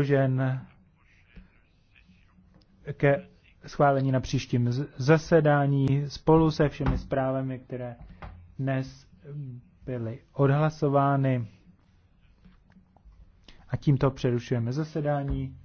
žen ke schválení na příštím zasedání spolu se všemi zprávami, které dnes byly odhlasovány. A tímto přerušujeme zasedání.